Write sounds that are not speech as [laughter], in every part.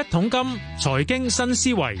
一桶金財經新思維，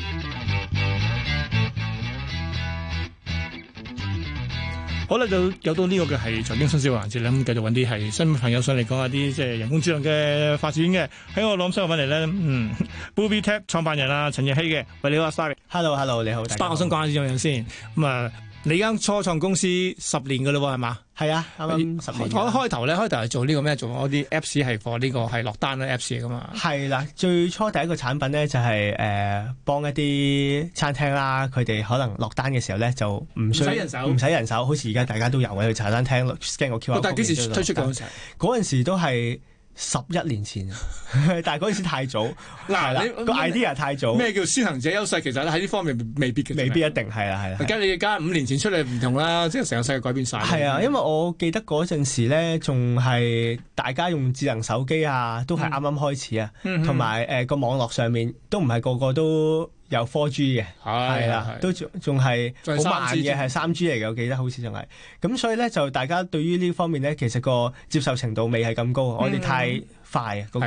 好啦，就有到呢個嘅係財經新思維環節咧，咁繼續揾啲係新朋友上嚟講下啲即係人工智能嘅發展嘅，喺我諗新聞嚟咧，嗯，BULL.B Tech 創辦人啊，陳易希嘅，喂，你好啊 sorry，Hello Hello 你好，但 Star, 我想講下呢樣嘢先，咁、嗯、啊。你間初創公司十年㗎喇喎，係嘛？係啊，啱啱十年。我開頭咧，開頭係做呢個咩？做一啲 Apps 係貨，呢個係落單啦 Apps 嘅嘛。係啦，最初第一個產品咧就係誒幫一啲餐廳啦，佢哋可能落單嘅時候咧就唔使人手，唔使人手，好似而家大家都有去茶餐廳 scan、嗯、個 QR。哦，但係幾時推出嘅？嗰陣時都係。十一年前， [laughs] 但係嗰陣時太早，嗱，個 idea 太早。咩叫先行者優勢？其實喺呢方面未必未必，一定係啦係啦。而家你而家五年前出嚟，唔同啦， [laughs] 即係成個世界改變晒。係啊的，因為我記得嗰陣時咧，仲係大家用智能手機啊，都係啱啱開始啊，同埋誒，個網絡上面都唔係個個都。有 4G 嘅，係啦的，的都仲仲係好慢嘅，係三 G 嚟嘅，我記得好似仲係。咁所以咧，就大家對於呢方面咧，其實個接受程度未係咁高，嗯、我哋太。快啊！嗰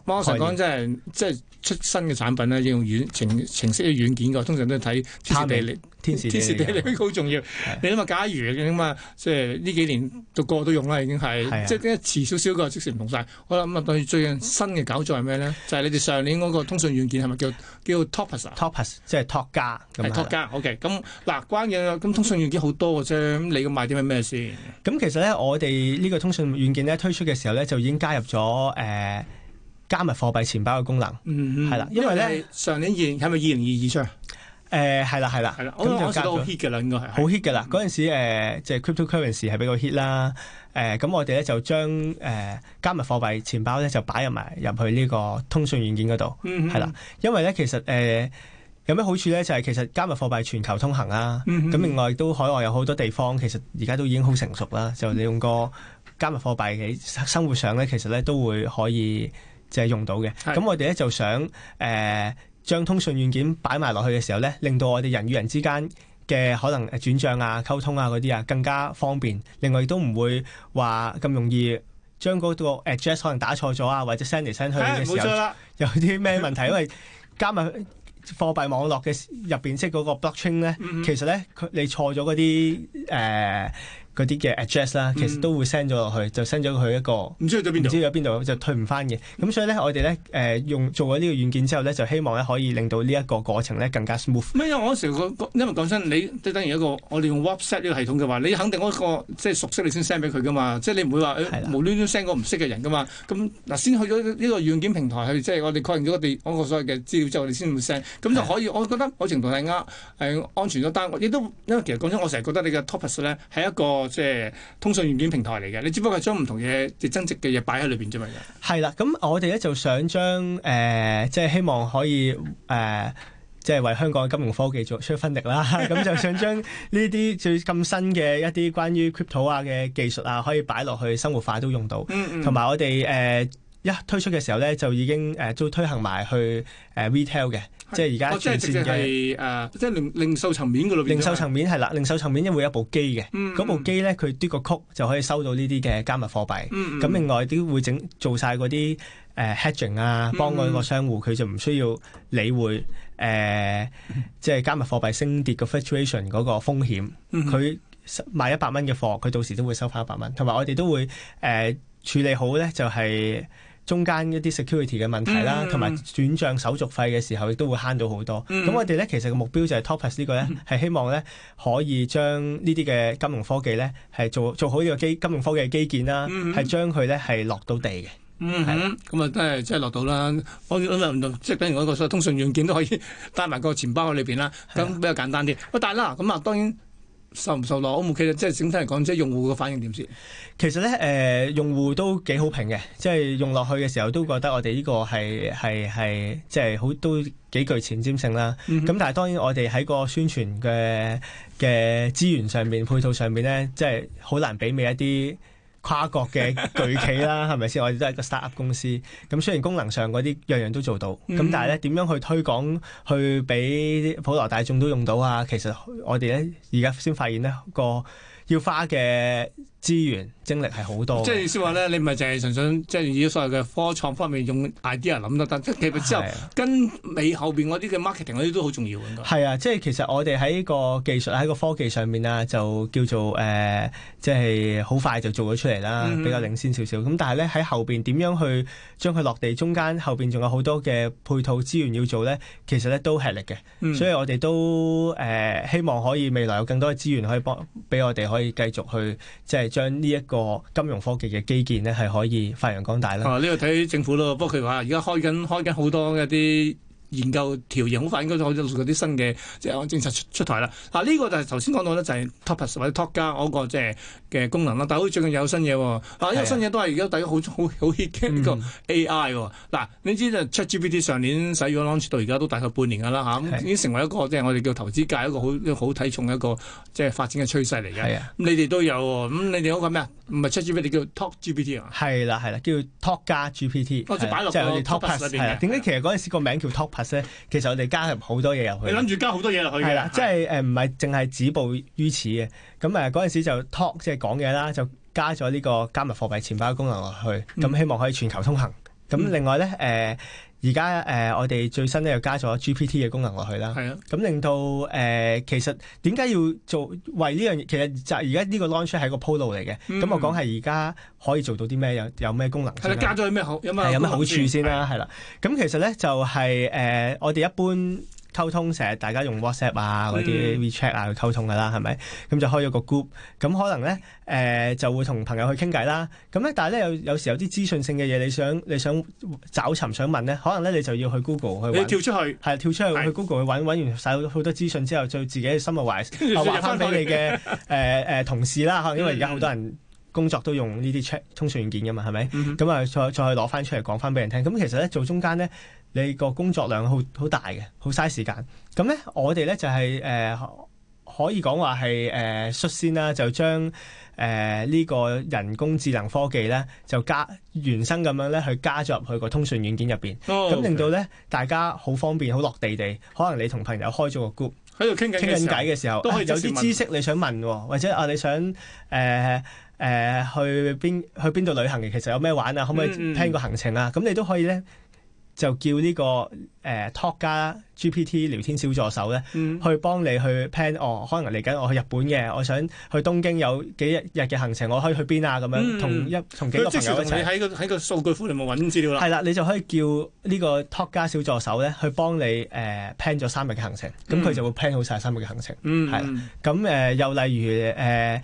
個，我成日講真係，即係出新嘅產品咧，要用軟程程式嘅軟件嘅，通常都係睇天時地利。天時地利好重要。你諗下，假如嘅嘛，即係呢幾年個個都用啦，已經係，即係遲少少嘅即時唔同晒。好啦咁啊，對最近新嘅搞作係咩咧？就係你哋上年嗰個通訊軟件係咪叫叫 Topas？Topas 即係托加咁啊。係托加。O.K. 咁嗱，關鍵咁通訊軟件好多嘅啫。咁你要買啲咩先？咁其實咧，我哋呢個通訊軟件咧推出嘅時候咧，就已經加入咗。誒，加密貨幣錢包嘅功能，係啦，因為咧上年二係咪二零二二出？誒，係啦係啦，咁我哋都好 hit 嘅啦，應該係好 hit 嘅啦。嗰陣時誒，即係 crypto currency 係比較 hit 啦。誒，咁我哋咧就將誒加密貨幣錢包咧就擺入埋入去呢個通訊軟件嗰度，係啦。因為咧其實誒、呃、有咩好處咧就係、是、其實加密貨幣全球通行啦。咁、嗯嗯嗯嗯、另外都海外有好多地方其實而家都已經好成熟啦，就你用個。嗯加密貨幣嘅生活上咧，其實咧都會可以即係用到嘅。咁是我哋咧就想誒、呃、將通訊軟件擺埋落去嘅時候咧，令到我哋人與人之間嘅可能轉帳啊、溝通啊嗰啲啊更加方便。另外亦都唔會話咁容易將嗰個 address 可能打錯咗啊，或者 send 嚟 send 去嘅時候 [laughs] 有啲咩問題？因為加密貨幣網絡嘅入邊即係嗰個 blockchain 咧，嗯嗯其實咧佢你錯咗嗰啲誒。呃嗰啲嘅 address 啦，ad ress，其實都會 send 咗落去，嗯、就 send 咗佢一個唔知去咗邊度，唔知去咗邊度，就退唔翻嘅。咁所以咧，我哋咧誒用做咗呢個軟件之後咧，就希望咧可以令到呢一個過程咧更加 smooth。因為我嗰時個因為講真，你即等於一個我哋用 WhatsApp 呢個系統嘅話，你肯定嗰個即係熟悉你先 send 俾佢噶嘛。即係你唔會話的、欸、無端端 send 個唔識嘅人噶嘛。咁嗱先去咗呢個軟件平台去，即係我哋確認咗我哋嗰個所謂嘅資料之後，我哋先會 send。咁就可以的我，我覺得我程度係啱，係、嗯、安全咗單。亦都因為其實講真，我成日覺得你嘅 topic 咧係一個。即係通訊軟件平台嚟嘅，你只不過係將唔同嘢、值、就是、增值嘅嘢擺喺裏邊啫嘛。係啦，咁我哋咧就想將誒，即、呃、係、就是、希望可以誒，即、呃、係、就是、為香港嘅金融科技做出分力啦。咁 [laughs] 就想將呢啲最咁新嘅一啲關於 crypto 啊嘅技術啊，可以擺落去生活化都用到，同埋、嗯嗯、我哋誒。呃一推出嘅時候咧，就已經誒都、呃、推行埋去誒 retail 嘅，即係而家轉線嘅誒。即係零零售層面嘅零售層面係啦，零售層面因為有一部機嘅，嗰、嗯、部機咧佢嘟個曲就可以收到呢啲嘅加密貨幣。咁、嗯嗯、另外啲會整做晒嗰啲誒、呃、hedging 啊，幫嗰個商戶佢、嗯、就唔需要理會誒、呃，即係加密貨幣升跌個 fluctuation 嗰個風險。佢賣一百蚊嘅貨，佢到時都會收翻一百蚊。同埋我哋都會誒處理好咧、就是，就係。中間一啲 security 嘅問題啦，同埋、mm hmm. 轉帳手續費嘅時候，亦都會慳到好多。咁、mm hmm. 我哋咧，其實個目標就係 Topas 呢個咧，係希望咧可以將呢啲嘅金融科技咧，係做做好呢個基金融科技嘅基建啦，係將佢咧係落到地嘅。嗯、mm，咁啊都係即係落到啦。我諗啊，即係等於我個通訊軟件都可以帶埋個錢包喺裏邊啦。咁比較簡單啲。喂，但係嗱咁啊，當然。受唔受落？O 唔 OK 咧？即係整體嚟講，即係用戶嘅反應點先？其實咧，誒、呃，用戶都幾好評嘅，即係用落去嘅時候都覺得我哋呢個係係係，即係好都幾具前瞻性啦。咁、mm hmm. 但係當然我哋喺個宣傳嘅嘅資源上面、配套上面咧，即係好難媲美一啲。跨國嘅巨企啦，係咪先？我哋都係個 startup 公司，咁雖然功能上嗰啲樣樣都做到，咁、嗯、但係咧點樣去推廣，去俾普羅大眾都用到啊？其實我哋咧而家先發現咧，個要花嘅。資源精力係好多，即係意思話咧，是的 你唔係淨係純粹即係以所謂嘅科創方面用 idea 諗得得，即係之後跟尾後邊嗰啲嘅 marketing 嗰啲都好重要。係啊，即係其實我哋喺個技術喺個科技上面啊，就叫做誒、呃，即係好快就做咗出嚟啦，比較領先少少。咁、嗯、哼 但係咧喺後邊點樣去將佢落地？中間後邊仲有好多嘅配套資源要做咧，其實咧都吃力嘅。嗯、所以我哋都誒、呃、希望可以未來有更多嘅資源可以幫俾我哋可以繼續去即係。將呢一個金融科技嘅基建呢係可以發揚光大啦。啊，呢度睇政府咯。不過佢話而家開緊開緊好多一啲研究調研好快應該開始錄嗰啲新嘅即係政策出出台啦。嗱、啊、呢、這個就係頭先講到咧，就係 Topas 或者 Talk 加嗰個即係嘅功能啦。但好似最近有新嘢，嗱呢、啊啊這個新嘢都係而家大家好好 hit 嘅呢個 AI。嗱、嗯啊、你知就 ChatGPT 上年使用 launch 到而家都大概半年嘅啦嚇，已經成為一個即係、就是、我哋叫投資界一個好好睇重一個即係、就是、發展嘅趨勢嚟嘅、啊嗯。你哋都有咁你哋嗰個咩啊？唔係 ChatGPT 叫 TalkGPT 啊？係啦係啦，叫 Talk 加 GPT、啊。即係我哋 Topas 嗰邊嘅。點解、啊啊、其實嗰陣時個名叫 Topas 其實我哋加入好多嘢入去，你諗住加好多嘢入去嘅，係啦的，的即係誒唔係淨係止步於此嘅。咁誒嗰陣時就 talk 即係講嘢啦，就加咗呢個加密貨幣錢包功能落去，咁希望可以全球通行。咁另外咧誒。呃而家誒，我哋最新咧又加咗 GPT 嘅功能落去啦。係啊，咁令到誒、呃，其實點解要做為呢樣嘢？其實就而家呢個 launch 係個鋪路嚟嘅。咁、嗯嗯、我講係而家可以做到啲咩？有有咩功能？係啦、啊，加咗啲咩好有咩、啊、好處先啦？係啦、啊，咁、啊、其實咧就係、是、誒、呃，我哋一般。溝通成日大家用 WhatsApp 啊嗰啲，嗯、WeChat 啊去溝通噶啦，係咪？咁就開咗個 group，咁可能咧誒、呃、就會同朋友去傾偈啦。咁咧，但係咧有有時有啲資訊性嘅嘢，你想你想找尋想問咧，可能咧你就要去 Google 去揾。你跳出去係跳出去是去 Google 去揾，揾完晒好多好多資訊之後，再自己 summarise 話翻俾的你嘅誒誒同事啦。可能因為而家好多人工作都用呢啲 chat 通訊軟件噶嘛，係咪？咁啊，再再去攞翻出嚟講翻俾人聽。咁其實咧做中間咧。你個工作量好好大嘅，好嘥時間。咁咧，我哋咧就係誒可以講話係誒率先啦，就將誒呢個人工智能科技咧，就加原生咁樣咧去加咗入去個通訊軟件入邊，咁令到咧大家好方便、好落地地。可能你同朋友開咗個 group，喺度傾緊傾緊偈嘅時候，都可以有啲知識你想問，或者啊你想誒誒去邊去邊度旅行嘅，其實有咩玩啊？可唔可以聽個行程啊？咁你都可以咧。就叫呢、呢個誒、呃、Talk 加 GPT 聊天小助手咧，嗯、去幫你去 plan 哦，可能嚟緊我去日本嘅，我想去東京有幾日嘅行程，我可以去邊啊咁樣，同一同幾個朋友一齊喺、嗯、個喺個數據庫裡面揾資料啦。係啦，你就可以叫呢個 Talk 加小助手咧，去幫你誒、呃、plan 咗三日嘅行程，咁佢、嗯、就會 plan 好晒三日嘅行程。嗯，係啦，咁誒又例如誒。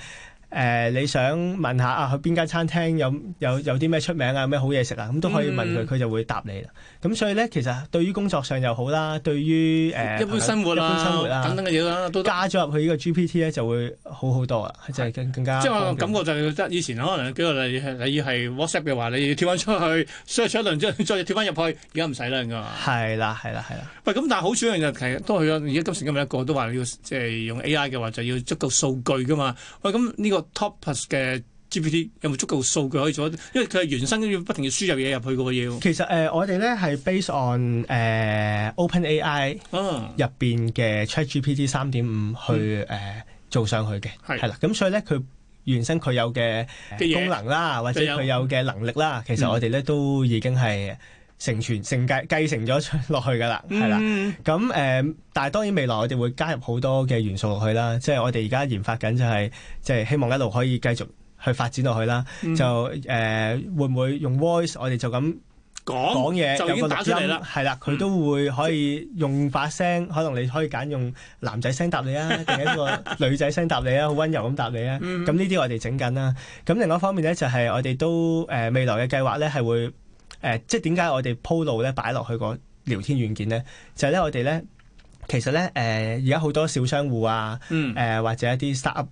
誒你想問下啊，去邊間餐廳有有有啲咩出名啊，有咩好嘢食啊？咁都可以問佢，佢就會答你啦。咁所以咧，其實對於工作上又好啦，對於誒一般生活啦、一般生活啦等等嘅嘢都加咗入去呢個 GPT 咧，就會好好多啦，就係更加。即係感覺就得以前可能幾個例，例如係 WhatsApp 嘅話，你要跳翻出去 search 一輪之後，再跳翻入去，而家唔使啦，應該。係啦，係啦，係啦。喂，咁但係好處一樣就係，都係咯。而家今時今日一個都話要即係用 AI 嘅話，就要足夠數據噶嘛。喂，咁呢個。Top Plus 嘅 GPT 有冇足夠數據可以做？因為佢係原生要不停要輸入嘢入去嘅喎要。其實誒、呃，我哋咧係 based on 誒、呃、Open AI 入邊嘅 ChatGPT 三點五去誒、嗯呃、做上去嘅，係啦是的。咁所以咧，佢原生佢有嘅、呃、功能啦，或者佢有嘅能力啦，其實我哋咧、嗯、都已經係。成傳承繼繼承咗落去噶啦，係啦。咁誒、mm hmm. 嗯，但係當然未來我哋會加入好多嘅元素落去啦。即、就、係、是、我哋而家研發緊就係，即係希望一路可以繼續去發展落去啦。Mm hmm. 就誒、呃，會唔會用 voice？我哋就咁講講嘢，就打出嚟啦，係啦。佢、嗯、都會可以用把聲，可能你可以揀用男仔聲答你啊，定係一個女仔聲答你啊，好溫柔咁答你啊。咁呢啲我哋整緊啦。咁另外一方面咧，就係我哋都誒未來嘅計劃咧，係會。誒、呃，即係點解我哋鋪路咧擺落去個聊天軟件咧？就係、是、咧我哋咧，其實咧誒，而家好多小商戶啊，誒、嗯呃、或者一啲 startup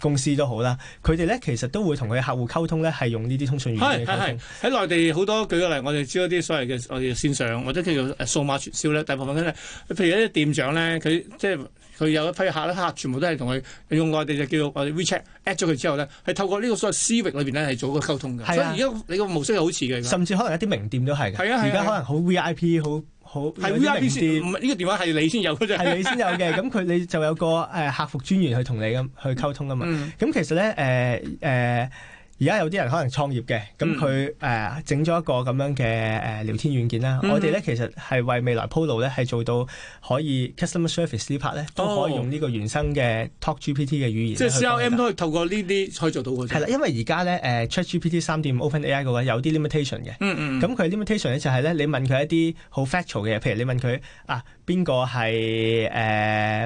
公司都好啦，佢哋咧其實都會同佢客戶溝通咧，係用呢啲通訊軟件。係係係，喺內地好多，舉個例，我哋知一啲所謂嘅我哋線上或者叫做誒數碼傳銷咧，大部分都係，譬如一啲店長咧，佢即係。佢有一批客咧，客全部都係同佢用外地嘅叫做我哋 WeChat at 咗佢之後咧，係透過呢個所謂私域裏邊咧係做一個溝通嘅。啊、所以而家你個模式係好似嘅。甚至可能一啲名店都係嘅。而家、啊啊、可能好 VIP，好好係 VIP 店。唔係呢個電話係你先有㗎咋，係你先有嘅。咁佢 [laughs] 你就有個誒客服專員去同你咁去溝通噶嘛。咁、嗯、其實咧誒誒。呃呃.而家有啲人可能創業嘅，咁佢誒整咗一個咁樣嘅誒聊天軟件啦。嗯、我哋咧其實係為未來鋪路咧，係做到可以 customer service 呢 part 咧都可以用呢個原生嘅 Talk GPT 嘅語言。即係 CRM 都可以透過呢啲可以做到嘅。係啦，因為而家咧誒 Chat GPT 三點五 Open AI 嘅話有啲 limitation 嘅。嗯，咁佢 limitation 咧就係咧你問佢一啲好 factual 嘅，譬如你問佢啊。邊個係誒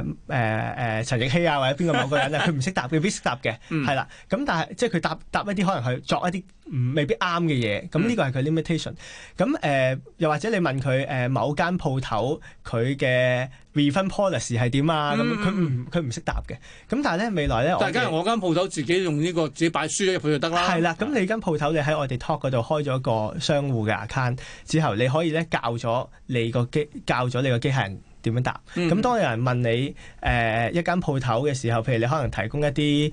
誒誒陳易希啊，或者邊個某個人咧？佢唔識答，佢唔識答嘅，係啦、嗯。咁但係即係佢答答一啲，可能去作一啲。唔，未必啱嘅嘢，咁呢個係佢 limitation。咁誒、呃，又或者你問佢誒、呃、某間鋪頭佢嘅 refund policy 係點啊？咁佢唔佢唔識答嘅。咁但係咧未來咧，大家是我間的鋪頭自己用呢個，自己擺書入去就得啦。係啦，咁你間鋪頭你喺我哋 Talk 嗰度開咗個商戶嘅 account 之後，你可以咧教咗你個機，教咗你個機器人。點樣答？咁、嗯、當有人問你誒、呃、一間鋪頭嘅時候，譬如你可能提供一啲誒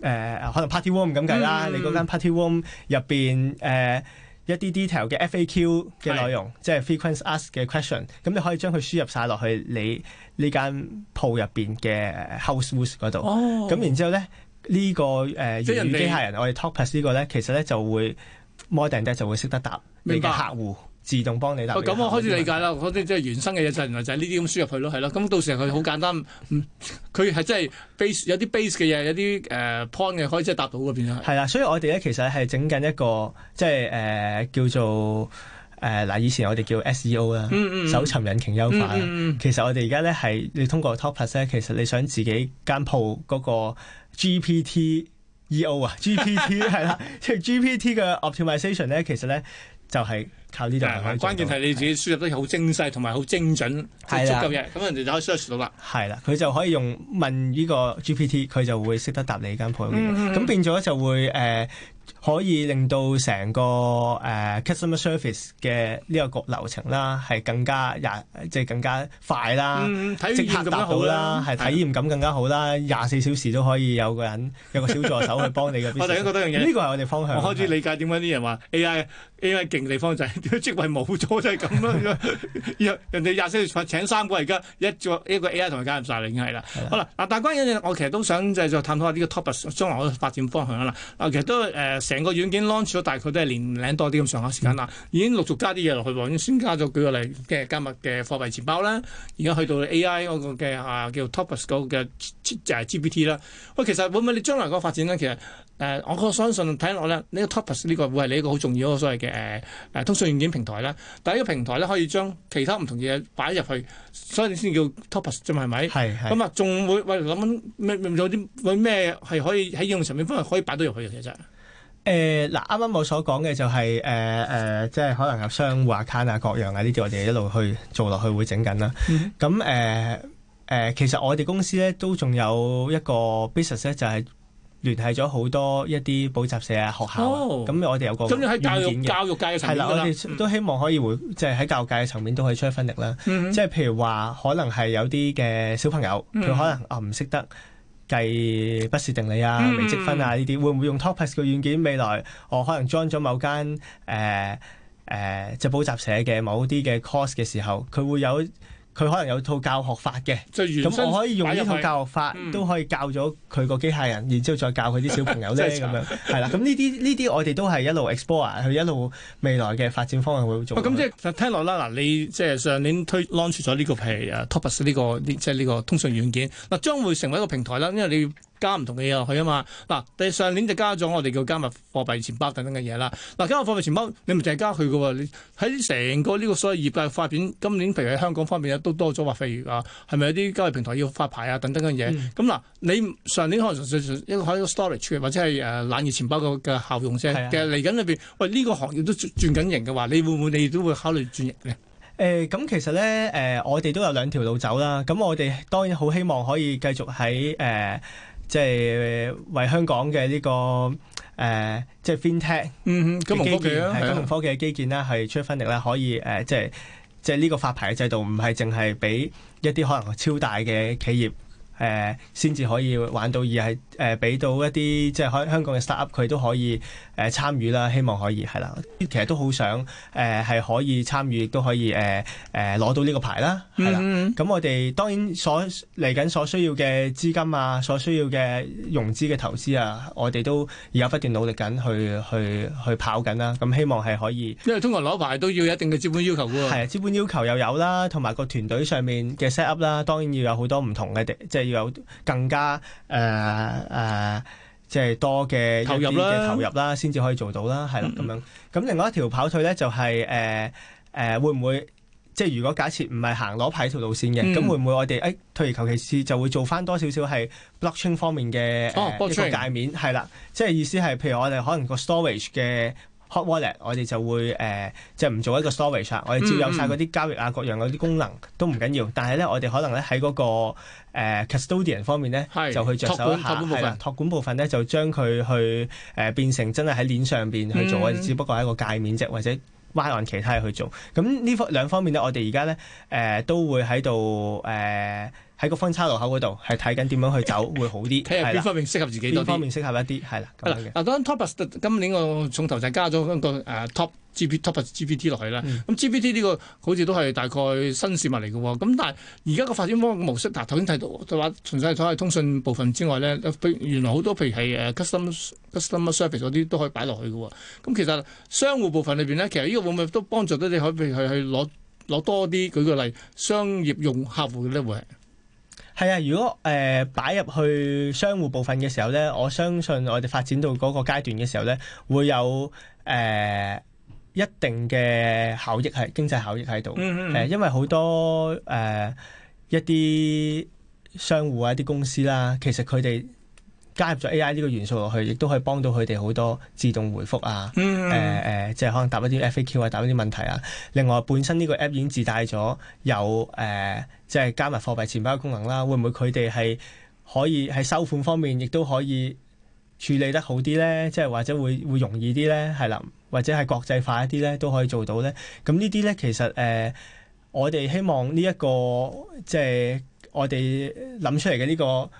誒，可能 party room 咁計啦，嗯、你嗰間 party room 入邊誒、呃、一啲 detail 嘅 FAQ 嘅內容，是即係 frequency ask 嘅 question，咁、嗯、你可以將佢輸入晒落去你呢間鋪入邊嘅 household 嗰度。House house 哦。咁然之後咧，呢、這個誒、呃、粵語機械人，你我哋 TalkBox 呢個咧，其實咧就會 model 得就會識得答你嘅客戶。自動幫你答。咁我開始理解啦，啲即係原生嘅嘢，就原來就係呢啲咁輸入去咯，係咯。咁到時佢好簡單，佢係真係 base 有啲 base 嘅嘢，有啲誒 point 嘅可以即係搭到嗰邊啦。係啦，所以我哋咧其實係整緊一個即係誒叫做誒嗱，以前我哋叫 SEO 啦，嗯嗯，搜尋引擎優化啦。其實我哋而家咧係你通過 topics 咧，其實你想自己間鋪嗰個 GPT E O 啊，GPT 係啦，即係 GPT 嘅 optimisation 咧，其實咧就係。靠呢度，係關鍵係你自己輸入得好精細同埋好精準。準的，足夠嘢咁，人哋就可以 search 到啦。係啦，佢就可以用問呢個 GPT，佢就會識得答你間舖嘅嘢，咁、嗯嗯嗯、變咗就會誒。呃可以令到成個誒、uh, customer service 嘅呢個個流程啦，係更加廿即係更加快啦，嗯、體驗咁樣好啦，係體驗感更加好啦，廿四的小時都可以有個人有個小助手去幫你嘅。 [laughs] 我第一覺得樣嘢，呢個係我哋方向。我開始理解點解啲人話 AI AI 勁地方就係點解職位冇咗就係咁咯， [laughs] 人哋廿四小時請三個而家一做個 AI 同佢夾唔晒，已經係啦。的好啦，嗱，但係關於呢我其實都想就係再探討下呢個 topic 將來嘅發展方向啦。嗱，其實都誒。呃成個軟件 launch 咗，大概都係年零多啲咁上下時間啦。已經陸續加啲嘢落去喎。先加咗，舉個例嘅加密嘅貨幣錢包啦。而家去到 A.I. 嗰個嘅啊，叫 Topas 嗰個嘅就係 G.P.T. 啦。喂、啊，其實會唔會你將來個發展呢？其實誒、呃，我相信睇落咧呢、呢個 Topas 呢個會係你一個好重要嗰個所謂嘅誒誒通訊軟件平台啦。但係呢個平台咧可以將其他唔同嘢擺入去，所以你先叫 Topas 啫嘛？係咪？咁啊？仲會喂諗啲咩有啲會咩係可以喺應用上面方可以擺到入去嘅其實？誒，嗱、呃，啱啱我所講嘅就係、是，誒、呃，誒、呃，即係可能有商戶 account 啊，各樣啊，呢啲我哋一路去做落去會整緊啦。咁，誒， [noise] 誒、呃呃，其實我哋公司咧都仲有一個 business 咧，就係、是、聯繫咗好多一啲補習社啊、學校、啊。咁、oh, 我哋有個咁樣喺教育教育界嘅層面啦。我哋都希望可以回，即係喺教育界嘅層面都可以出一分力啦。嗯嗯、即係譬如話，可能係有啲嘅小朋友，佢可能啊唔識得。計不是定理啊，微積分啊，呢啲會唔會用 Topaz 個軟件？未來我可能 join 咗某間誒誒即係補習社嘅某啲嘅 course 嘅時候，佢會有。佢可能有套教學法嘅，咁我可以用呢套教學法、嗯、都可以教咗佢個機械人，然之後再教佢啲小朋友咧咁 [laughs] 是樣，係啦樣。咁呢啲呢啲我哋都係一路 explore，佢一路未來嘅發展方向會做。咁、啊、即係聽落啦，嗱你即係上年推 launch 咗呢、這個譬如誒、啊、Tobus 呢、這個即係呢個通訊軟件，嗱、啊、將會成為一個平台啦，因為你。加唔同嘅嘢落去啊嘛，嗱，第上年就加咗我哋叫加密貨幣錢包等等嘅嘢啦。嗱，加密貨幣錢包你唔淨係加佢嘅喎。你喺成個呢個所謂業界發展，今年譬如喺香港方面都多咗話費啊，係咪有啲交易平台要發牌啊等等嘅嘢？咁嗱，你上年可能純粹一個好多 storage 或者係誒冷熱錢包嘅效用啫。其實嚟緊裏邊，喂、這、呢個行業都轉轉緊型嘅話，你會唔會你都會考慮轉型呢？誒、呃，咁其實咧，誒、呃、我哋都有兩條路走啦。咁我哋當然好希望可以繼續喺誒。呃即係為香港嘅呢、這個誒，即、呃、係、就是、FinTech，嗯哼，金融科技啊，金融科技嘅基建咧係出一分力咧，可以誒，即係即係呢個發牌嘅制度唔係淨係俾一啲可能超大嘅企業誒先至可以玩到，而係誒俾到一啲即係可以香港嘅 start up 佢都可以。誒參與啦，希望可以係啦。其實都好想誒係、呃、可以參與，亦都可以誒誒攞到呢個牌啦。係啦，咁、嗯嗯、我哋當然所嚟緊所需要嘅資金啊，所需要嘅融資嘅投資啊，我哋都而家不斷努力緊，去去去跑緊啦、啊。咁希望係可以。因為通常攞牌都要有一定嘅資本要求嘅。係啊，資本要求又有啦，同埋個團隊上面嘅 set up 啦，當然要有好多唔同嘅，即係要有更加誒誒。呃呃呃即係多嘅投啲嘅投入啦，先至可以做到啦，係啦咁樣。咁另外一條跑腿咧、就係，就係誒誒，會唔會即係如果假設唔係行攞牌一條路線嘅，咁、嗯、會唔會我哋誒退而求其次，哎、就會做翻多少少係 blocking 方面嘅、哦、一個界面，係啦。即係意思係，譬如我哋可能個 storage 嘅。hot wallet 我哋就會即係、呃、就唔做一個 storage、嗯、我哋照有晒嗰啲交易啊各樣嗰啲功能都唔緊要，但係咧我哋可能咧喺嗰個、呃、custodian 方面咧，是就去着手一下係啦，託管、託管部分咧就將佢去誒、呃、變成真係喺鏈上邊去做啊，嗯、我哋只不過係一個介面啫，或者歪岸其他嘢去做。咁呢方兩方面咧，我哋而家咧誒都會喺度誒。呃喺個分叉路口嗰度係睇緊點樣去走會好啲，睇下 [laughs] 看啦邊方面適合自己多方面適合一啲係啦，咁嘅嗱。Topas、啊、今年我從頭就加咗一個 Top, GP, Top、嗯、G P t o p G P T 落去啦。咁 G P T 呢個好似都係大概新事物嚟嘅。咁但係而家個發展方模式嗱，頭先提到就話，除曬所謂通訊部分之外咧，原來好多譬如係誒、uh, custom custom service 嗰啲都可以擺落去嘅。咁其實商戶部分裏邊咧，其實呢個會唔會都幫助到你可以去去攞攞多啲？舉個例，商業用客戶咧會。係啊，如果誒、呃、擺入去商戶部分嘅時候呢，我相信我哋發展到嗰個階段嘅時候呢，會有誒、呃、一定嘅效益係經濟效益喺度、嗯嗯嗯、因為好多誒一啲商戶啊、一啲公司啦，其實佢哋，加入咗 AI 呢個元素落去，亦都可以幫到佢哋好多自動回覆啊，誒誒、嗯呃，即係可能答一啲 FAQ 啊，答一啲問題啊。另外，本身呢個 app 已經自帶咗有誒、呃，即係加密貨幣錢包功能啦。會唔會佢哋係可以喺收款方面亦都可以處理得好啲咧？即係或者會會容易啲咧？係啦，或者係國際化一啲咧，都可以做到咧。咁呢啲咧，其實誒、呃，我哋希望呢一個即係我哋諗出嚟嘅呢個。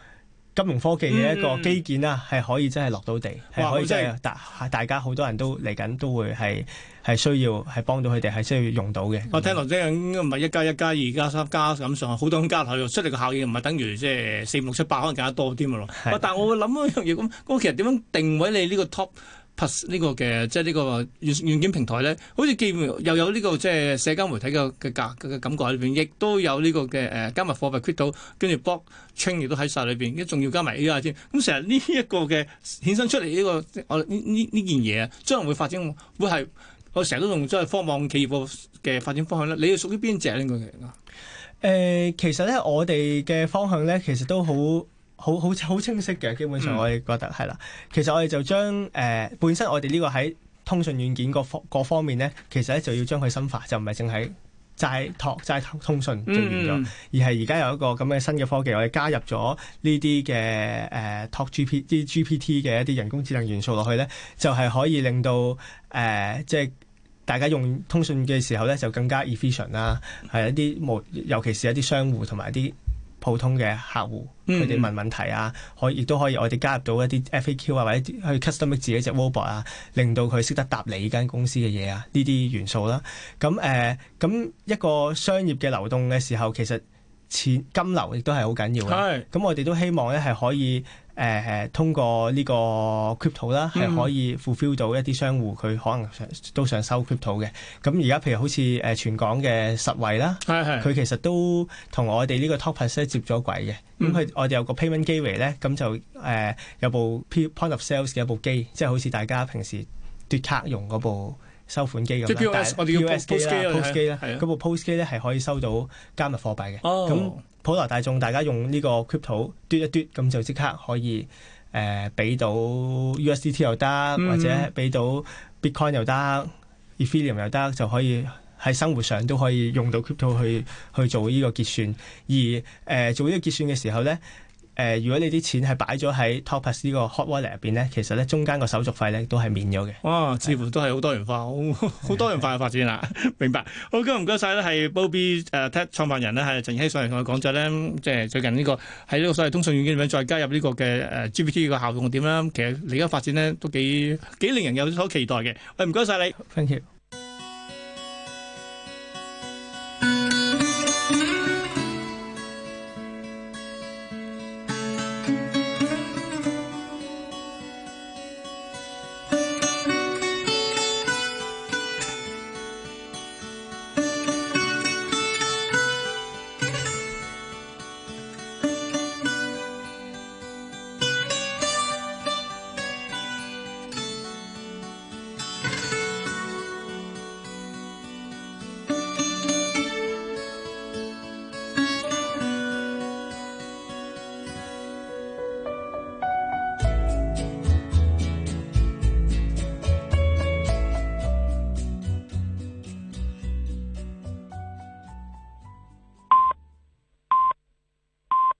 金融科技嘅一個基建啦，係、嗯、可以真係落到地，係哇可以大大家好多人都嚟緊，都會係係需要，係幫到佢哋，係需要用到嘅。嗯、我聽落唔係一加一加二加，二加三加咁上，好多加落去出嚟個效益唔係等於即係四五六七八可能更加多啲嘅咯。的但係我諗一樣嘢咁，的我其實點樣定位你呢個 top？呢個嘅即係呢個軟件平台咧，好似既又有呢、這個即係社交媒體嘅嘅價嘅感覺喺裏邊，亦都有呢個嘅誒加密貨幣 q 到，跟住 block chain 亦都喺晒裏邊。一仲要加埋 AI 添。咁成日呢一個嘅衍生出嚟呢、這個我呢呢呢件嘢，將會發展會係我成日都用，即係科網企業嘅發展方向咧。你要屬於邊隻咧？佢誒、呃、其實咧，我哋嘅方向咧，其實都好。好好好清晰嘅，基本上我哋覺得係啦、嗯。其實我哋就將誒、呃、本身我哋呢個喺通訊軟件各方各方面咧，其實咧就要將佢深化，就唔係淨係齋 talk 齋通訊就完咗，嗯、而係而家有一個咁嘅新嘅科技，我哋加入咗呢啲嘅誒 talk G P G P T 嘅一啲人工智能元素落去咧，就係、是、可以令到誒即係大家用通訊嘅時候咧就更加 efficient 啦。係一啲無，尤其係一啲商戶同埋一啲。普通嘅客戶佢哋問問題啊，可亦都可以我哋加入到一啲 FAQ 啊，或者去 customize 自己隻 robot 啊，令到佢識得答你間公司嘅嘢啊，呢啲元素啦。咁誒，咁、呃、一個商業嘅流動嘅時候，其實錢金流亦都係好緊要嘅。咁是我哋都希望咧係可以。誒誒，通過呢個 crypto 啦，係可以 fulfill 到一啲商戶佢可能都想收 crypto 嘅。咁而家譬如好似誒全港嘅實惠啦，係係是，佢其實都同我哋呢個 topper 接咗軌嘅。咁佢、嗯、我哋有個 payment gateway 咧，咁就誒有部 point of sales 嘅一部機，即係好似大家平時奪卡用嗰部。收款機咁，OS，但係 POS Post 機咧，嗰部 Post 機咧係可以收到加密貨幣嘅。咁、哦、普羅大眾大家用呢個 crypto 嘟一嘟，咁就即刻可以誒俾、呃、到 USDT 又得，嗯、或者俾到 Bitcoin 又得，Ethereum 又得、嗯，就可以喺生活上都可以用到 crypto 去去做呢個結算。而誒、呃、做呢個結算嘅時候咧。誒、呃，如果你啲錢係擺咗喺 Topas 呢個 hot wallet 入邊咧，其實咧，中間個手續費咧都係免咗嘅。哇！似乎都係好多元化，好的 [laughs] 多元化嘅發展啦。明白。好嘅，唔該晒咧，係 BULL.B Tech、呃、創辦人咧，係陳易希上嚟同我講咗咧，即、就、係、是、最近呢、這個喺呢個所謂通訊軟件入面再加入呢個嘅誒 GPT 嘅效用點啦。其實你而家發展咧都幾幾令人有所期待嘅。喂、哎，唔該晒你。Thank you.